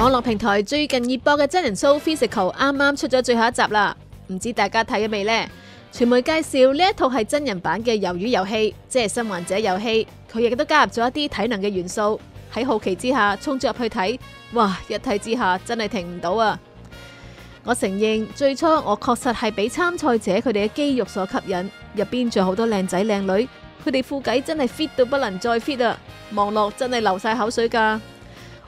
網絡平台最近熱播嘅真人 show《Physical》啱啱出咗最後一集啦，唔知大家睇咗未呢？傳媒介紹呢一套係真人版嘅魷魚遊戲，即係生還者遊戲，佢亦都加入咗一啲體能嘅元素。喺好奇之下衝咗入去睇，哇！一睇之下真係停唔到啊！我承認最初我確實係俾參賽者佢哋嘅肌肉所吸引，入邊仲有好多靚仔靚女，佢哋腹肌真係 fit 到不能再 fit 啊！望落真係流晒口水噶。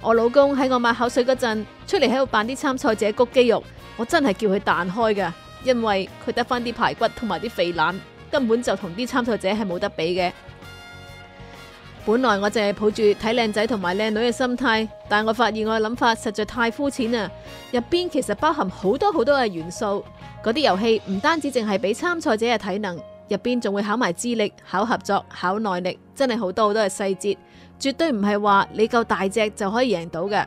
我老公喺我抹口水嗰陣，出嚟喺度扮啲參賽者谷肌肉，我真係叫佢彈開㗎，因為佢得返啲排骨同埋啲肥腩，根本就同啲參賽者係冇得比嘅。本來我淨係抱住睇靚仔同埋靚女嘅心態，但我發現我嘅諗法實在太膚淺啦，入邊其實包含好多好多嘅元素。嗰啲遊戲唔單止淨係比參賽者嘅體能。入邊仲會考埋資歷、考合作、考耐力，真係好多好多嘅細節，絕對唔係話你夠大隻就可以贏到嘅。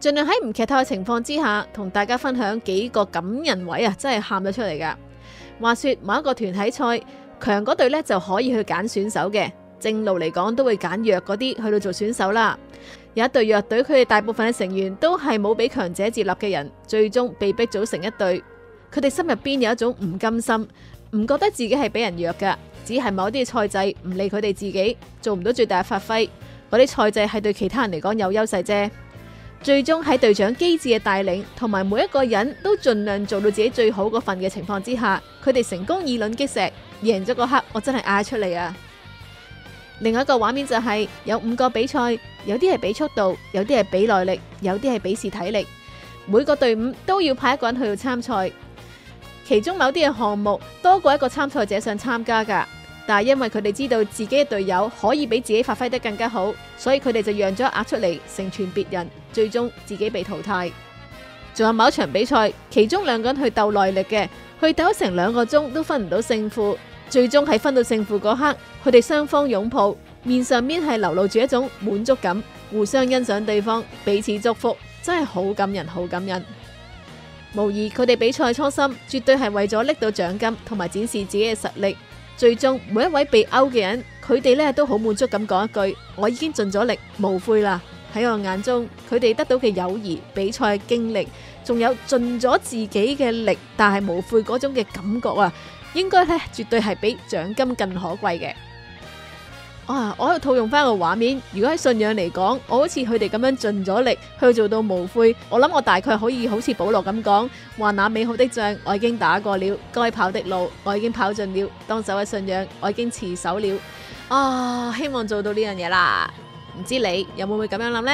盡量喺唔劇透嘅情況之下，同大家分享幾個感人位啊，真係喊咗出嚟噶話說某一個團體賽，強嗰隊呢就可以去揀選手嘅，正路嚟講都會揀弱嗰啲去到做選手啦。有一隊弱隊，佢哋大部分嘅成員都係冇俾強者接納嘅人，最終被逼組成一隊，佢哋心入邊有一種唔甘心。唔覺得自己係俾人弱嘅，只係某啲嘅賽制唔理佢哋自己做唔到最大嘅發揮，嗰啲賽制係對其他人嚟講有優勢啫。最終喺隊長機智嘅帶領同埋每一個人都盡量做到自己最好嗰份嘅情況之下，佢哋成功以卵擊石，贏咗嗰刻我真係嗌出嚟啊！另外一個畫面就係、是、有五個比賽，有啲係比速度，有啲係比耐力，有啲係比試體力，每個隊伍都要派一個人去到參賽。其中某啲嘅項目，多過一個參賽者想參加㗎，但係因為佢哋知道自己嘅隊友可以比自己發揮得更加好，所以佢哋就讓咗壓出嚟，成全別人，最終自己被淘汰。仲有某一場比賽，其中兩個人去鬥耐力嘅，去鬥成兩個鐘都分唔到勝負，最終喺分到勝負嗰刻，佢哋雙方擁抱，面上面係流露住一種滿足感，互相欣賞對方，彼此祝福，真係好感人，好感人。無疑佢哋比賽初心，絕對係為咗拎到獎金同埋展示自己嘅實力。最終每一位被勾嘅人，佢哋咧都好滿足咁講一句：我已經盡咗力，無悔啦。喺我眼中，佢哋得到嘅友誼、比賽經歷，仲有盡咗自己嘅力但係無悔嗰種嘅感覺啊，應該咧絕對係比獎金更可貴嘅。啊！我喺度套用翻個畫面，如果喺信仰嚟講，我好似佢哋咁樣盡咗力去做到無悔。我諗我大概可以好似保羅咁講，話那美好的仗我已經打過了，該跑的路我已經跑盡了，當守嘅信仰我已經持守了。啊！希望做到呢樣嘢啦，唔知你有冇會咁樣諗呢？